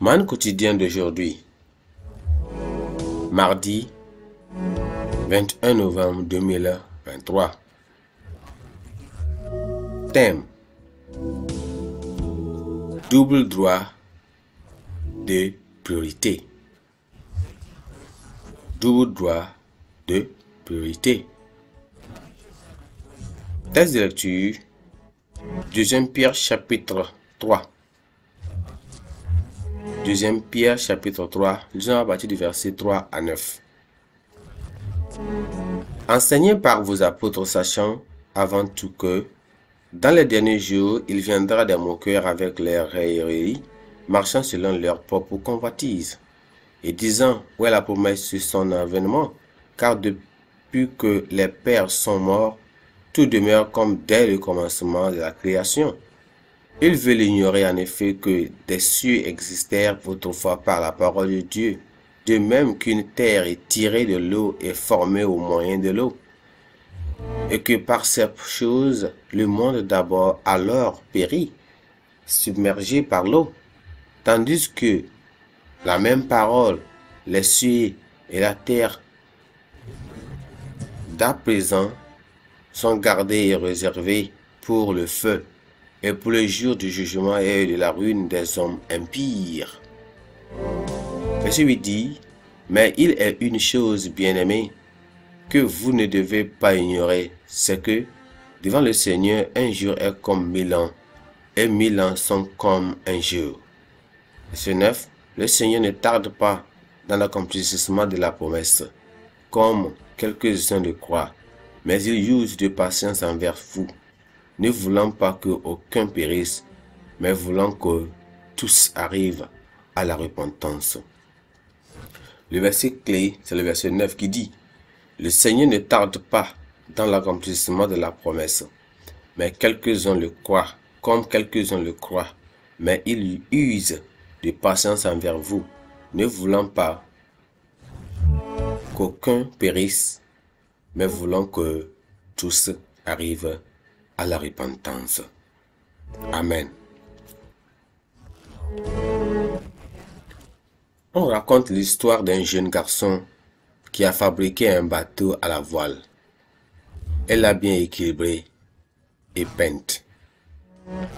Man quotidien d'aujourd'hui, mardi 21 novembre 2023. Thème Double droit de priorité. Double droit de priorité. Test de lecture, 2 Pierre chapitre 3. Deuxième Pierre chapitre 3, lisons à partir du verset 3 à 9. Enseignez par vos apôtres, sachant avant tout que, dans les derniers jours, il viendra des cœur avec leurs railleries, marchant selon leur propres convoitise, et disant, où est la promesse sur son avènement, car depuis que les pères sont morts, tout demeure comme dès le commencement de la création. Il veut ignorer en effet que des cieux existèrent autrefois par la parole de Dieu, de même qu'une terre est tirée de l'eau et formée au moyen de l'eau, et que par cette choses le monde d'abord alors périt, submergé par l'eau, tandis que la même parole, les cieux et la terre d'à présent sont gardés et réservés pour le feu et pour le jour du jugement et de la ruine des hommes impires. Verset lui dit, Mais il est une chose, bien-aimée, que vous ne devez pas ignorer, c'est que, devant le Seigneur, un jour est comme mille ans, et mille ans sont comme un jour. ce neuf, le Seigneur ne tarde pas dans l'accomplissement de la promesse, comme quelques-uns le croient, mais il use de patience envers vous, ne voulant pas que aucun périsse, mais voulant que tous arrivent à la repentance. Le verset clé, c'est le verset 9 qui dit, Le Seigneur ne tarde pas dans l'accomplissement de la promesse, mais quelques-uns le croient, comme quelques-uns le croient, mais il use de patience envers vous, ne voulant pas qu'aucun périsse, mais voulant que tous arrivent à la repentance. Amen. On raconte l'histoire d'un jeune garçon qui a fabriqué un bateau à la voile. Elle l'a bien équilibré et peinte.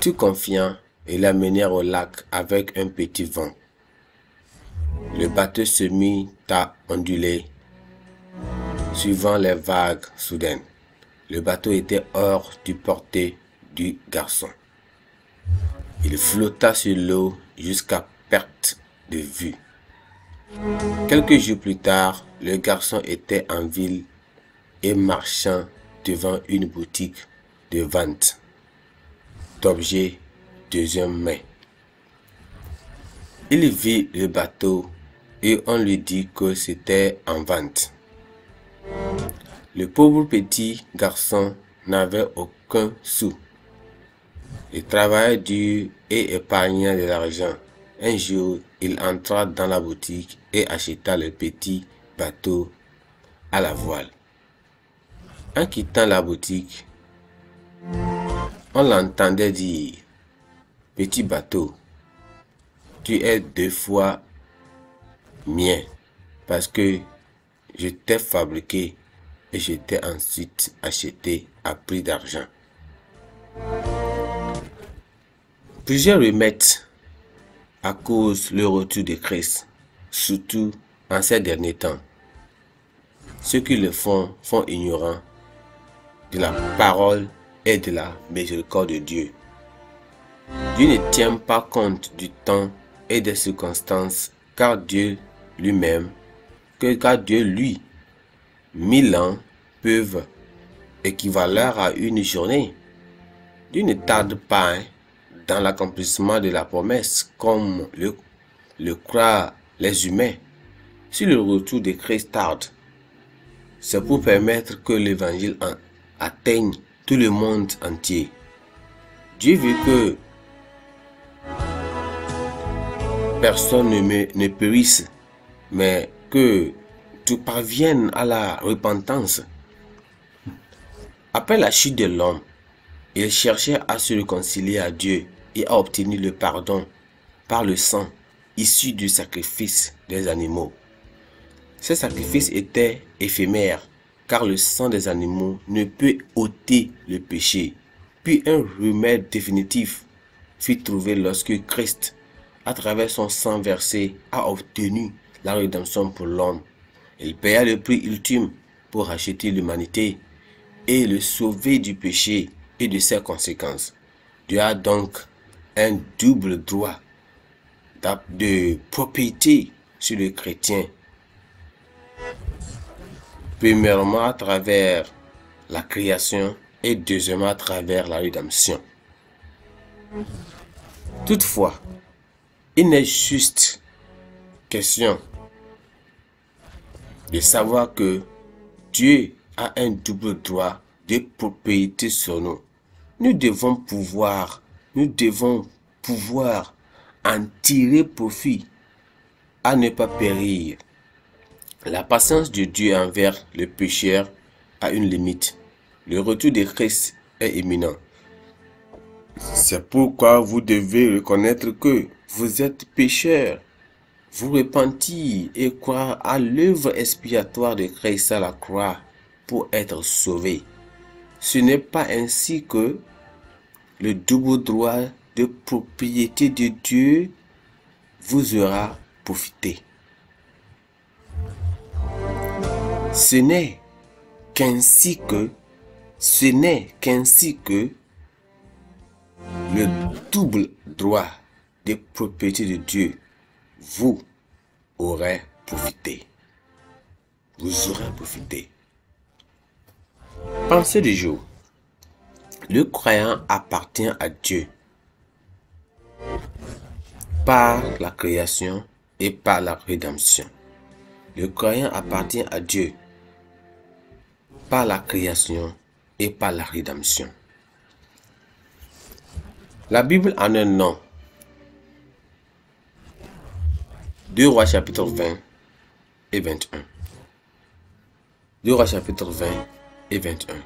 Tout confiant, il l'a mené au lac avec un petit vent. Le bateau se mit à onduler, suivant les vagues soudaines. Le bateau était hors du porté du garçon. Il flotta sur l'eau jusqu'à perte de vue. Quelques jours plus tard, le garçon était en ville et marchant devant une boutique de vente d'objets deuxième main. Il vit le bateau et on lui dit que c'était en vente. Le pauvre petit garçon n'avait aucun sou. Il travaillait dur et épargnait de l'argent. Un jour, il entra dans la boutique et acheta le petit bateau à la voile. En quittant la boutique, on l'entendait dire Petit bateau, tu es deux fois mien parce que je t'ai fabriqué et j'étais ensuite acheté à prix d'argent. Plusieurs remettent à cause le retour de Christ, surtout en ces derniers temps. Ceux qui le font font ignorant de la parole et de la miséricorde de Dieu. Dieu ne tient pas compte du temps et des circonstances, car Dieu lui-même, que car Dieu lui mille ans peuvent équivaloir à une journée. Dieu ne tarde pas dans l'accomplissement de la promesse comme le, le croient les humains. Si le retour de Christ tarde, c'est pour permettre que l'évangile atteigne tout le monde entier. Dieu veut que personne ne, ne périsse, mais que parviennent à la repentance. Après la chute de l'homme, il cherchait à se réconcilier à Dieu et à obtenir le pardon par le sang issu du sacrifice des animaux. Ce sacrifice était éphémère car le sang des animaux ne peut ôter le péché. Puis un remède définitif fut trouvé lorsque Christ, à travers son sang versé, a obtenu la rédemption pour l'homme il paya le prix ultime pour racheter l'humanité et le sauver du péché et de ses conséquences. Dieu a donc un double droit de propriété sur le chrétien. Premièrement à travers la création et deuxièmement à travers la rédemption. Toutefois, il n'est juste question de savoir que Dieu a un double droit de propriété sur nous. Nous devons pouvoir, nous devons pouvoir en tirer profit à ne pas périr. La patience de Dieu envers les pécheurs a une limite. Le retour de Christ est imminent. C'est pourquoi vous devez reconnaître que vous êtes pécheurs vous repentir et croire à l'œuvre expiatoire de Christ à la croix pour être sauvé. Ce n'est pas ainsi que le double droit de propriété de Dieu vous aura profité. Ce n'est qu'ainsi que, ce n'est qu'ainsi que le double droit de propriété de Dieu vous aurez profité. Vous aurez profité. Pensez du jour. Le croyant appartient à Dieu par la création et par la rédemption. Le croyant appartient à Dieu par la création et par la rédemption. La Bible en un nom 2 Rois chapitre 20 et 21. 2 Rois chapitre 20 et 21.